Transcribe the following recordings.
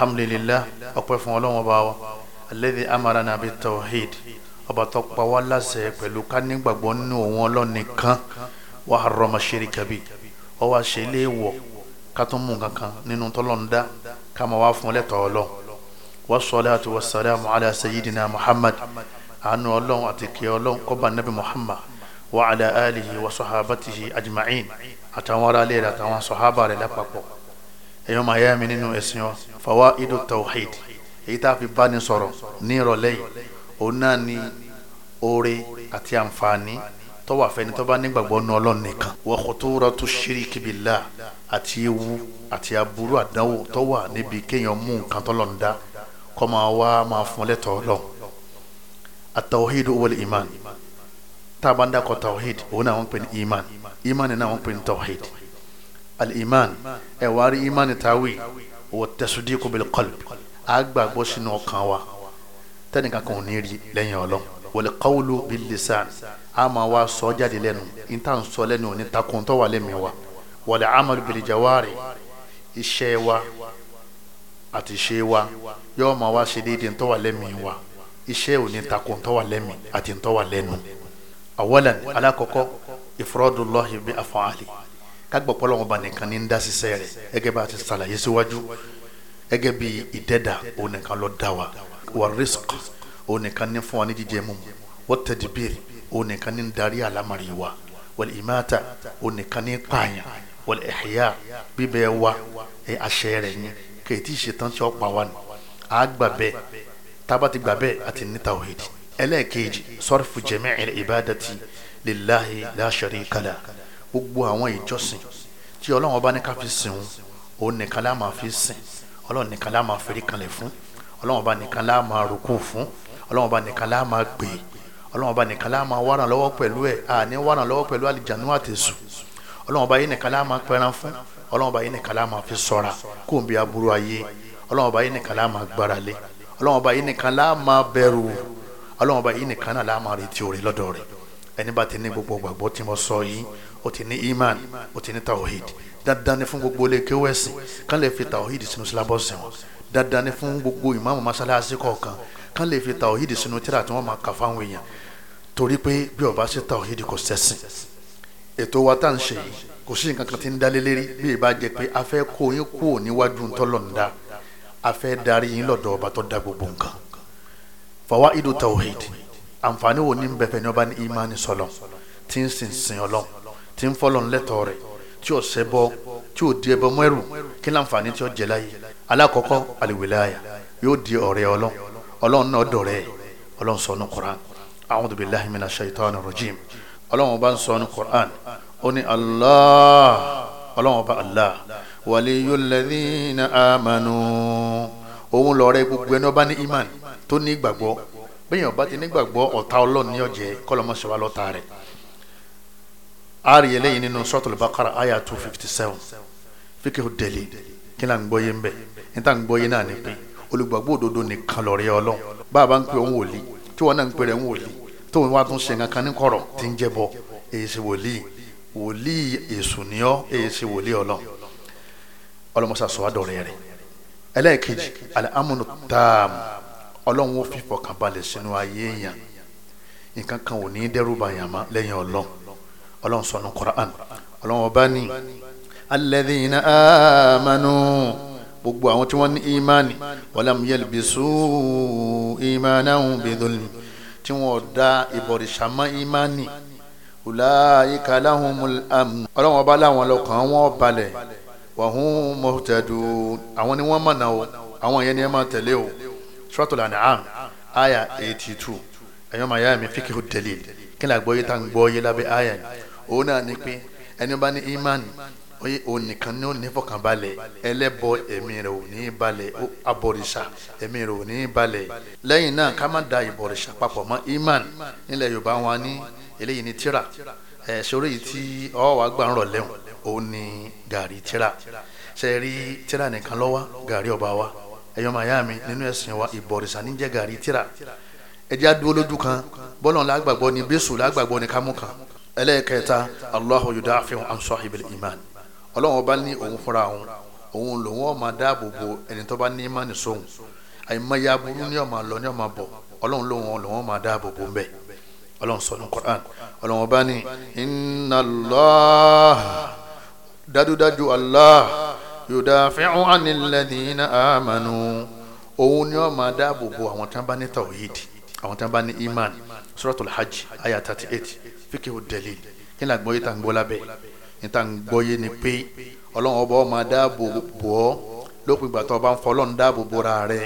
alhamdulilah ọpẹ́ fún Ọlọ́run ọba wa alladhi amarana bi tawhid ọba tó pa wá láṣẹ pẹ̀lú ká nígbàgbọ́ nínú òun Ọlọ́run nìkan wa harrama shirika bi ó wá ṣe lé wọ̀ ká tún mú kankan nínú tọ́lọ́n dá ká máa wá fún lẹ́tọ̀ọ́ Ọlọ́run wa salatu wa salamu ala sayyidina muhammad àánú Ọlọ́run àti kí Ọlọ́run kó nabi muhammad wa ala alihi wa sahabatihi ajma'in àtàwọn aráalé rẹ̀ àtàwọn sahaba rẹ̀ lápapọ̀ ẹ̀yọ́ máa yá mi nínú ẹ̀sìn wa fawaidu tawhid èyí tá a fi bá ní sọ̀rọ̀ ní ìrọ̀lẹ́ yìí òun náà ni oore àti àǹfààní tó wà fẹ́ni tó bá nígbàgbọ́ nu ọlọ́run nìkan wa khuturatu shiriki billah àti ewu àti aburú àdánwò tó wà níbi kéèyàn mú nǹkan tó lọ́n dá kó máa wá máa fún lẹ́tọ̀ọ́ lọ at-tawhid iman tá a bá ń dákọ̀ tawhid òun náà wọ́n pè ní iman iman náà wọ́n pè ní tawhid al-iman ẹ̀wárí imani tawi wọ tasdiqu bil qalb àgbàgbọ́ sínú ọkàn wa tẹ́nìkan kan ò ní rí lẹ́yìn ọlọ́run wal qawlu bil lisan a máa wá sọ jáde lẹ́nu níta ń sọ lẹ́nu òní takuntọ́ wà lẹ́mìí wa wal amalu bil jawari iṣẹ́ wa àti iṣẹ́ wa yóò máa wá ṣe déédéé ntọ́ wà lẹ́mìí wa iṣẹ́ òní takuntọ́ wà lẹ́mìí àti ntọ́ wà lẹ́nu awalan alakoko ifradullahi bi afaali kágbọ́ pọ́lọ́wọ́n ba nìkan ní ń dá ṣiṣẹ́ rẹ̀ gẹ́gẹ́ bá a ti ṣàlàyé síwájú gẹ́gẹ́ bí ìdẹ́dà òun nìkan ló dá wa wà rísíkì òun nìkan ní fún wa ní jíjẹ mímu wọ́n tẹ̀díbìrì òun nìkan ní darí àlámàrí wa wal imata òun nìkan ní pààyàn wal ihya bíbẹ̀ wa ẹ̀ àṣẹ rẹ̀ yẹn kèétí ṣetán tí ó pa wa ni a gbà bẹ́ẹ̀ tába ti gbà bẹ́ẹ̀ àti ní tawhid ẹlẹ́ẹ̀kejì sarfu jami'il ibadati lillahi la sharika lah gbogbo àwọn ìjọsìn tí ọlọ́run ọba ní ká fi sìn òun nìkan lá máa fi sìn ọlọ́run nìkan lá máa fẹ́rí kanlẹ̀ fún ọlọ́run ọba nìkan lá máa rúkú fún ọlọ́run ọba nìkan lá máa gbè ọlọ́run ọba nìkan lá máa wárà lọ́wọ́ pẹ̀lú ẹ̀ àní wárà lọ́wọ́ pẹ̀lú àlìjánu àtẹ̀sù ọlọ́run ọba yìí nìkan lá máa pẹran fún ọlọ́run ọba yìí nìkan lá máa fi sọ́ra kó n bí aburú ayé ọlọ́run ọba yìí nìkan lá máa gbára ọlọ́run ọba yìí nìkan lá máa bẹ̀rù ẹni bá ti ní gbogbo gbàgbọ́ tí mo sọ yìí ó ti ní iman ó ti ní tawhid dandan ni fún gbogbo ilé kéwọ́ ẹ̀sìn kán lè fi tawhid sínú sílábọ̀sì wọn dandan ni fún gbogbo ìmáàmù masalasi kọ̀ọ̀kan kán lè fi tawhid sínú tíra tí wọ́n máa kà fáwọn èèyàn torí pé bí ó bá sí tawhid kò sẹ́sìn ètò wa tá à ń ṣe yìí kò sí nǹkan kan tí ń dalé lérí bí ìbá jẹ pé a fẹ́ kó yín kú níwájú ntọ́lọ́ndà a fẹ́ darí yín lọ́dọ̀ ọba tó dá gbogbo nǹkan fawaidu tawhid àǹfààní wo ni ń bẹ̀fẹ̀ ní ọba ní ìmánì sọlọ tí ń sìn sìn ọlọ tí ń fọlọ ńlẹ́tọ̀ rẹ̀ tí ò ṣẹbọ tí ò di ẹbọ mẹ́rù kí láǹfààní tí ó jẹ láyé alákọ̀ọ́kọ́ àlìwìláyà yóò di ọ̀rẹ́ ọlọ́n ọlọ́n náà dọ̀rẹ́ ọlọ́n sọ ní Qur'an a'udhu billahi minash shaitani rajim ọlọ́n ọba ń sọ ní Qur'an ó ní Allah ọlọ́n ọba Allah waliyul ladhina amanu òun lọ́rẹ́ gbogbo ẹni ọba ní iman tó ní ìgbàgbọ́ bẹ́ẹ̀yàn bá ti nígbàgbọ́ ọ̀tá ọlọ́run ní ọ̀jẹ̀ kọ́lọ́mọṣẹ́wá lọ́ta rẹ̀ ari eléyìí nínú suratul baqara aya two fifty seven fíkẹ́ ò délé kí là ń gbọ́ yé ń bẹ̀ ní tá à ń gbọ́ yé náà ni pé olùgbàgbọ́ òdodo nìkan lọ̀rẹ́ ọlọ́run bá a bá ń pè òun wòlíì tí wọn náà ń pè rẹ̀ ń wòlíì tó wọn wá tún ṣe nǹkan kan ní kọ̀rọ̀ tí ń jẹ́ bọ èyí ṣe wòlíì tam ọlọ́run ó fi fọkànbalẹ̀ sínú ayé èèyàn nǹkan kan ò ní dẹ́rù bà yàn má lẹ́yìn ọlọ́run ọlọ́run sọnù Qur'an ọlọ́run ọba ní alladhina amanu gbogbo àwọn tí wọ́n ní imani walam yalbisu imanahum bidhulm tí wọ́n da ìbọ̀rìṣàmọ́ imani ulaika lahumul amn ọlọ́run ọba láwọn lọ́kàn wọn balẹ̀ wa hum muhtadun àwọn ni wọ́n mọ̀nà o àwọn yẹn ni ẹ máa tẹ̀lé o suratul an'am aya eighty two ẹ̀yọ́ máa yá mi fíkìrù tẹ̀lé kí ni àgbọ̀yé tá à ń gbọ́yé lábẹ́ aya yìí òun náà ni pé ẹni bá ní imani oye òun nìkan ní òun nífọ̀kànbalẹ̀ ẹlẹ́bọ ẹ̀mí rẹ̀ ò ní balẹ̀ ó abọ̀rìṣà ẹ̀mí rẹ̀ ò ní balẹ̀ lẹ́yìn náà ká má da ìbọ̀rìṣà papọ̀ mọ́ imani nílẹ̀ yorùbá wọn ní eléyìí ní tíra ẹ̀ yìí tí ọwọ́ wa gbà ń rọ̀ lẹ́hùn òun ní gàrí tíra ṣe rí tíra nìkan lọ́wọ́ gàrí ọba wa ẹ̀yọ́ màá yá mi nínú ẹ̀sìn wa ìbọ̀rìṣà ní jẹ́ gàrí tíra ẹ̀jẹ̀ adúró lójú kan bọ́lọ̀ lágbàgbọ́ ni bẹ́sù lágbàgbọ́ ni kámú kan ẹlẹ́ẹ̀kẹta Allahu yudafi'u an sahibil iman ọlọ́run ọba ní òun fúnra òun òun lòun ọmọ dáàbò bo ẹni tó bá ní imáni sóhun àìmọye aburú ní ọmọ lọ ní ọmọ bọ̀ ọlọ́run lòun lòun ọmọ dáàbò bo ń bẹ̀ sọ ní Qur'an ọlọ́run ọba ní inna Allah dájúdájú Allah yudafi'u anil ladhina amanu òun ni wọ́n máa dáàbò bo àwọn tán bá ní tawhid àwọn tán bá ní iman suratul hajj aya thirty eight fíkẹ́ dalil kí ni àgbọ̀yé tá à ń gbọ́ lábẹ́ ní tá à ń gbọ́yé ni pé ọlọ́run ọba máa dáàbò bò ọ́ lópin ìgbà tó o bá ń fọlọ́run dáàbò bora rẹ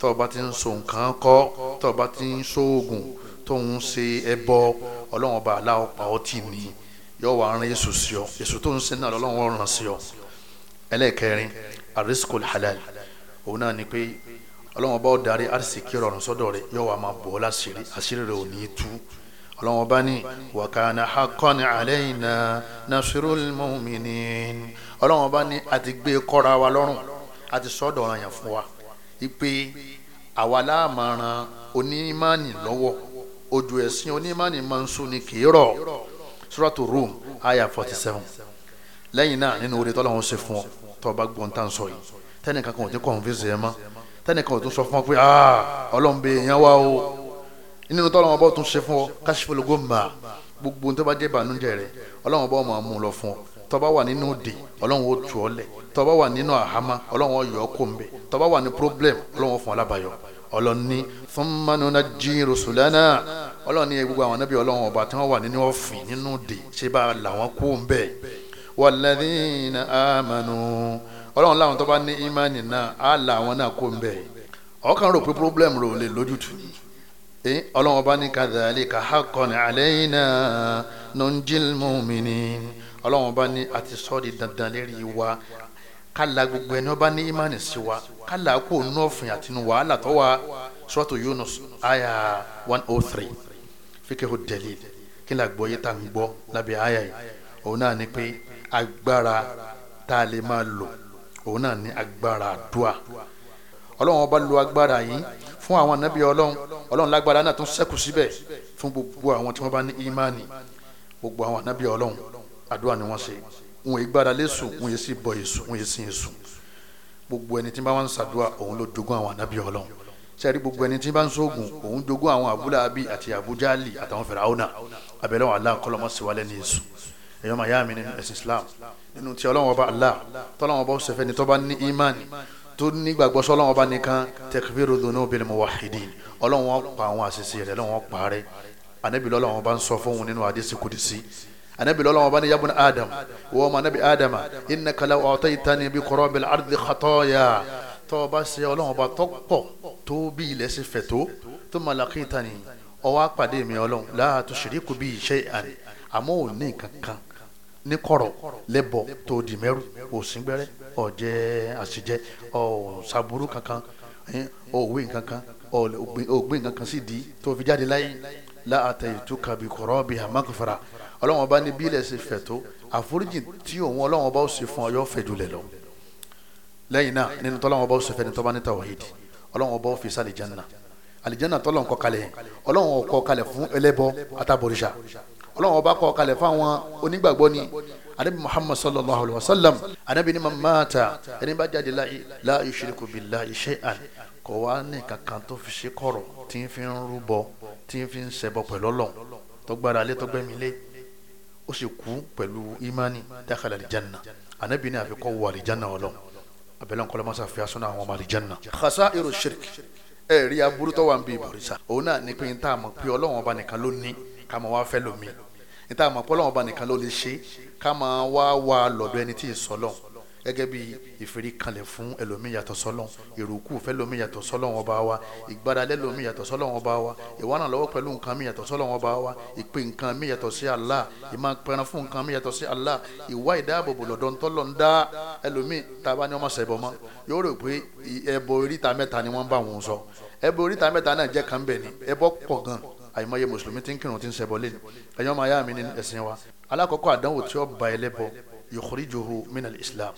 tó o bá ti ń so nǹkan kọ́ tó o bá ti ń sóògùn tó ń ṣe ẹbọ ọlọ́run ọba aláwọ̀ pa ọ́ tì ní yọ̀ wá rán Jésù sí ọ Jésù tó ń sin náà lọ́lọ́run ọ̀ràn sí ọ ẹlẹ́ẹ̀kẹrin arisikul halal òun náà ni pé ọlọ́wọ́n bá darí arisiki rọrùn sọ́dọ̀ rẹ̀ yóò wá máa bọ̀ ọ́ láṣìírí àṣírí rẹ̀ ò ní í tú ọlọ́wọ́n bá ní wàkàna haqqan alayna nasirul mu'minin ọlọ́wọ́n bá ní àti gbé e kọ́ra wa lọ́rùn àti sọ́dọ̀ ọ̀ràn yẹn fún wa ipe àwa láàmàràn onímánì lọ́wọ́ ojú ẹ̀sìn onímánì máa ni kì í rọ̀ suratu rum aya forty seven lẹ́yìn náà nínú oore tọ́lá wọn ṣe fún ọ tọ́ bá gbọ́n tá à ń sọ yìí tẹ́nìkan kan ò ti kọ̀ọ̀hún fèsì ẹ̀ mọ́ tẹ́nìkan ò tún sọ fún ọ pé ah, ọlọ́run bẹ èèyàn wá o nínú tọ́lá wọn bọ́ tún ṣe fún ọ káṣífọ́lù gómà gbogbo tó bá jẹ́ ìbànújẹ́ rẹ ọlọ́run bọ́ máa mú un lọ fún ọ tó bá wà nínú òdì ọlọ́run ó tù ọ lẹ̀ tó bá wà nínú àhámà ọlọ́run ó yọ ọ kó ń bẹ̀ tó bá wà gbogbo àwọn anábì ọlọ́run tí wọ́n wà nínú ọ̀fìn nínú òdì ṣé bá làwọn kó ń bẹ́ẹ̀ walladhina amanu ọlọ́run láwọn tó bá ní ìmánì náà á là àwọn náà kó ń bẹ̀ ọkàn rò pé problem rò lè lójútùú ni ọlọ́run bá ní kadhalika haqqan alayna nunjil mu'minin ọlọ́run bá ní àti sọ́ọ̀dì dandan lérí wa kala gbogbo ẹni ọba ní imani sí wa kala kó nú ọ̀fìn àti nú wàhálà tó wa suratu Yunus aya one oh three fíkẹ́ ho dẹ̀lí kí n là gbọ́ yìí tá n gbọ́ lábẹ́ aya yìí òun náà ni pé agbára tá a lè máa lò òun náà ní agbára àdúà ọlọ́run ọba lo agbára yìí fún àwọn ànábì ọlọ́run ọlọ́run lágbára náà tún ṣẹ́kù síbẹ̀ fún gbogbo àwọn tí wọ́n bá ní ìmánì gbogbo àwọn ànábì ọlọ́run àdúà ni wọ́n ṣe wọn ìgbára lẹ́sù wọn yìí sì bọ èṣù wọn yìí sì èṣù gbogbo ẹni tí bá wọn ń ṣàdúà òun ló jogún àwọn ànábì ọlọ́run sẹ́ẹ̀rí gbogbo ẹni tí bá ń sóògùn òun jogún àwọn àbúlà àbí àti àbújáàlì àtàwọn fìràwọ́nà abẹ́lẹ́wọ̀n aláǹkọ́lọ́mọ́síwálẹ́ ní èṣù ẹ̀yọ́ máa yá mi nínú ẹ̀sìn Islam nínú tí Ọlọ́run Ọba Allah tọ́lọ́run Ọba ọ̀sẹ̀fẹ́ ni tọ́ba ní imani tó nígbàgbọ́ sọ́lọ́run Ọba nìkan takfiru dhunubil muwahhidin Ọlọ́run pa àwọn àṣìṣe rẹ̀ Ọlọ́run parẹ́ anabi lọ́lọ́run Ọba ń sọ fún òun nínú hadisi kudisi anabi lọ́lọ́run Ọba ní yabun adam wọ́n ma anabi adam innaka law ataytani bi qurabil ardi khataya tọ́ba ṣe Ọlọ́run Ọba tọ́pọ̀ tó bí ilẹ̀ ṣe fẹ̀ tó thumma laqitani ọwọ́ apàdé mi Ọlọ́run la tushriku bi shay'an àmọ́ ò kankan ní kọ̀rọ̀ lẹ́bọ̀ tó di mẹ́rù òsíngbẹ́rẹ́ ọ̀jẹ́ àṣìjẹ ọ̀sàbúrú kankan òwe kankan ògbé kankan sì di tó fi jáde láyé láàtẹ ìtúkà bí kọ̀rọ̀ bí àmàkùfàrà ọlọ́run ọba ní bílẹ̀ ṣe fẹ̀ tó àforíjì tí òun ọlọ́run ọba ó ṣe fún ọyọ́ fẹ̀ jùlẹ̀ lọ lẹ́yìn náà nínú tọ́lọ́run ọba ó ṣe fẹ́ ní tọ́ba ní tàwáhídì ọlọ́run ọba ó fi sálì jẹ́nà àlìjẹ́nà tọ́lọ́run kọ kalẹ̀ ọlọ́run fún ẹlẹ́bọ àtàbọ̀rìṣà ọlọ́run ọba kọ́ kalẹ̀ fáwọn onígbàgbọ́ ni anabi muhammad sallallahu alaihi wa sallam anabi ni mamata ẹni bá jáde láyé la yushriku billahi shay'an kò wá ní kankan tó fi ṣe kọ̀rọ̀ tí n fi ń rúbọ tí n fi ń ṣẹbọ pẹ̀lú ọlọ́run tó gbára lé tó gbẹ́mi lé ó sì kú pẹ̀lú imani dakhala aljanna anabi ni àfikọ́ wọ aljanna ọlọ́run abẹ́lẹ́ nkọ́lẹ́ masa fi asúnà àwọn ọmọ aljanna. khasairu shirk ẹ̀rí aburú tó ń bí ìbọ̀rìṣà òun náà ní pé n tá pé ọlọ́run ọba nìkan ló ní ká máa wá fẹ́ lómi níta àmọ́ pọ́lọ́wọ́n ọba nìkan ló lè ṣe ká máa wá wá lọ́dọ̀ ẹni tí ì sọ́lọ́ gẹ́gẹ́ bí ìfèrí kanlẹ̀ fún ẹlòmíì yàtọ̀ sọ́lọ́n ìrùkù fẹ́lòmí yàtọ̀ sọ́lọ́n ọba wa ìgbáralé lòmí yàtọ̀ sọ́lọ́n ọba wa ìwánàlọ́wọ́ pẹ̀lú nǹkan mi yàtọ̀ sọ́lọ́n ọba wa ìpè nǹkan mi yàtọ̀ sí Allah ìmọ̀ pẹran fún nǹkan mi yàtọ̀ sí Allah ìwá ìdáàbòbò lọ́dọ̀ ńtọ́lọ́ ń dá ẹlòmíì tàbá ni wọ́n máa ṣẹ̀bọ̀ mọ́ yóò rò pé ẹbọ oríta ni wọ́n bá wọn àyìnbáyé mùsùlùmí ti ń kírun ti ń ṣẹbọ lé ẹ̀yọ́ máa yá mi ní ẹ̀sìn wa alákọ̀ọ́kọ́ àdánwò tí ó ba ẹlẹ́bọ yukhrijuhu minal islam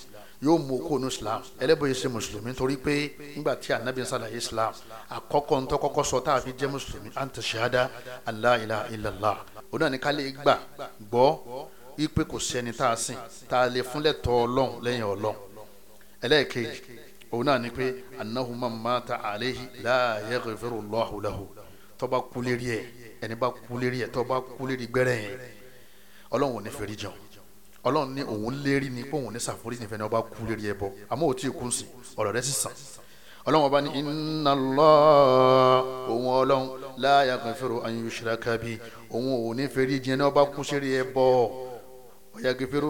yóò mú kó nu islam ẹlẹ́bọ yìí ṣe mùsùlùmí torí pé nígbà tí anabi ṣàlàyé islam àkọ́kọ́ ń tọ́kọ́kọ́ sọ tá a fi jẹ́ mùsùlùmí à ń tẹ̀ ṣáadá allah ilaha illallah oní àníkálẹ̀ gbà gbọ́ ipe kò sẹ́ni tá a sìn tá a lè fúnlẹ̀ tọ́ ọlọ́run lẹ́yìn ọlọ́run ẹlẹ́ẹ̀kejì òun náà ni pé annahu man mata la yaghfirullahu tọ́ba kú lérí ẹ̀ ẹni bá kú lérí ẹ̀ tọ́ba kú lérí gbẹ́rẹ́ yẹn ọlọ́run ò ní fẹ́rí jẹun ọlọ́run ní òun lérí ni pé òun ní sàfúrí ní fẹ́ni ọba kú lérí ẹ bọ àmọ́ òtí kú sí ọ̀rọ̀ rẹ sísan ọlọ́run ọba ní inna Allah òun ọlọ́run la yaghfiru an yushraka bi òun ò ní fẹ́rí jẹ́ ní ọba kú sérí ẹ bọ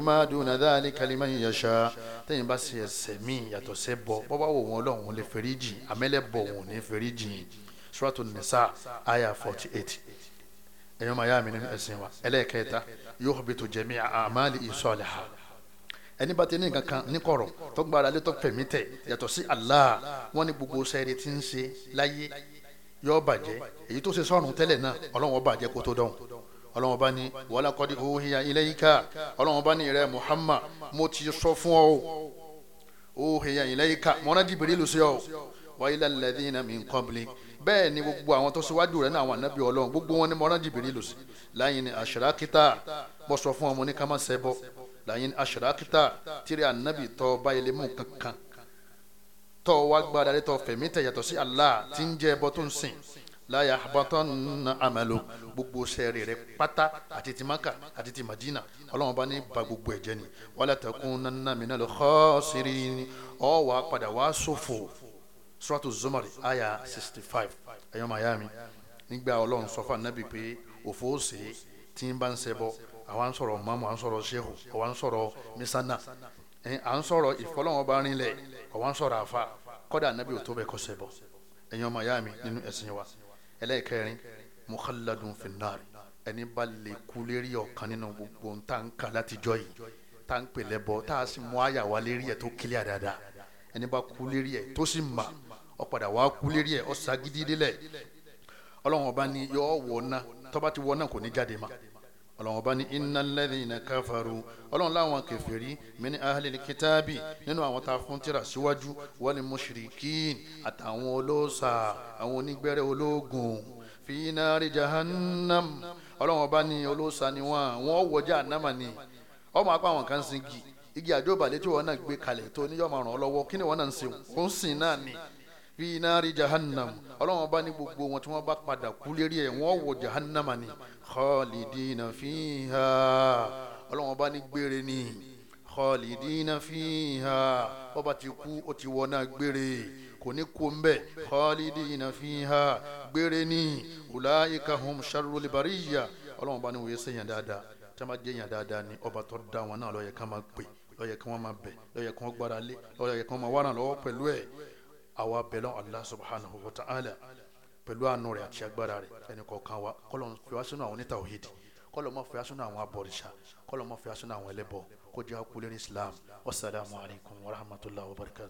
ma duna dhalika liman yasha tẹ́yìn bá ṣe ẹ̀ṣẹ̀ míì yàtọ̀ sẹ́ bọ bọ́bá wò wọn ọlọ́run lè fẹ́rí jì àmẹ́lẹ́ bọ̀ òun ní fẹ́rí jì suratul nisa aya 48. eight ẹ̀yọ́ máa yá mi nínú ẹ̀sìn wa ẹlẹ́ẹ̀kẹta yuhbitu jami'a a'mali isaliha ẹni bá ti ní nǹkan kan níkọ̀rọ̀ tó gbára lé tó fẹ̀mí tẹ̀ yàtọ̀ sí Allah wọ́n ní gbogbo sẹ́ẹ̀rì tí ń ṣe láyé yóò bàjẹ́ èyí tó ṣe sọ́run tẹ́lẹ̀ náà ọlọ́run ó bàjẹ́ kó tó dọ̀hún ọlọ́run bá ní wàhálà kọ́dí òhìyà ilayka ọlọ́run bá ní rẹ Muhammad mo ti sọ fún ọ òhìyà ilayka mọ́nà Jibril sí ọ wa ila alladhina min qablik bẹ́ẹ̀ ni gbogbo àwọn tó ṣíwájú rẹ̀ náà àwọn ànábì ọlọ́run gbogbo wọn ni mo rán jìbìrì lò sí láyìn ni àṣàràkítà bọ́ sọ fún ọmọ ní ká má ṣẹbọ láyìn ni àṣàràkítà tìrẹ ànábì tó bá ilé mú kankan tó wá gbára rẹ tó fẹ̀mí tẹ̀ yàtọ̀ sí Allah tí ń jẹ́ ẹbọ tó ń sìn láyà àbátọ́ na àmàlò gbogbo sẹ́ẹ̀rì rẹ pátá àti ti maka àti ti madina ọlọ́run bá ní ba gbogbo ẹ̀jẹ̀ ni wala takunanna minal khasirin ọ̀ wá padà wá sófò suratu zomari aya sixty five ẹ̀yọ́ Miami, nígbà ọlọ́run sọ fún anabi pé òfò ṣe tí ń bá ń ṣe bọ́ àwa ń sọ̀rọ̀ mamu à ń sọ̀rọ̀ sehu àwa ń sọ̀rọ̀ misana à ń sọ̀rọ̀ ìfọlọ́wọn bá rinlẹ̀ àwa ń sọ̀rọ̀ àfa kọ́dà anabi ò tó bẹ́ẹ̀ kọ́ ṣe ẹ̀yọ́ mayami nínú ẹ̀sìn wa ẹlẹ́ẹ̀kẹrin mukhalladun finnaari ẹni bá lè kú lérí ọ̀kan nínú gbogbo tá n kà látijọ́ yìí tá n pèlẹ́ bọ́ tá a sì mú àyà lérí ẹ̀ tó kílíà dáadáa ẹni bá kú lérí ẹ̀ tó sì mà ọ̀padà wàá kú lérí ẹ̀ ọ̀sà gidi lélẹ̀ ọlọ́run ọba ni yọ wọ̀ ná tọ́ba ti wọ̀ náà kò ní jáde má ọlọ́run ọba ni innal ladhina kafaru ọlọ́run láwọn kèfèrí min ahlil kitabi nínú àwọn tá a fún tírà síwájú wal mushrikin àtàwọn olóòṣà àwọn onígbẹ́rẹ́ ológun fi nari jahannam ọlọ́run ọba ni olóòṣà ni wọ́n wọ́n wọjá ànámà ni ọmọ apá àwọn kan sin igi igi àjọbalẹ̀ tí wọ́n náà gbé kalẹ̀ tó níyọ́mọ̀ ràn ọ́ lọ́wọ́ kí ni wọ́n náà ń sìn ń sìn náà ni fi nari jahannam ọlọ́run bá ní gbogbo wọn tí wọ́n bá padà kú lérí ẹ̀ wọ́n wọ jahannama ni khalidina fiha ọlọ́run bá ní gbére ni khalidina fiha ọba ti kú ó ti wọ náà gbére kò ní kú mbẹ khalidina fiha gbére ni ulaika hum sharrul bariyya ọlọ́run bá ní wòye sẹ́yìn dáadáa tí wọ́n dáadáa ni ọba tó dá wọn náà ló yẹ ká máa pè ló yẹ ká máa bẹ̀ ló yẹ gbára lé ló yẹ máa wá lọ́wọ́ pẹ̀lú ẹ̀ àwa bẹ̀lọ́ Allah subhanahu wa ta'ala pẹ̀lú àánú rẹ̀ àti agbára rẹ̀ ẹnì kọ̀ọ̀kan wa kọ́lọ̀ ń fi wá sínú àwọn onítàwíìdì kọ́lọ̀ mọ́ fi wá sínú àwọn abọ̀rìṣà kọ́lọ̀ mọ́ fi wá sínú àwọn ẹlẹ́bọ kó jẹ́ àkúlẹ̀ ní Islam wasalaamualeykum wa rahmatulah wa barakatuh.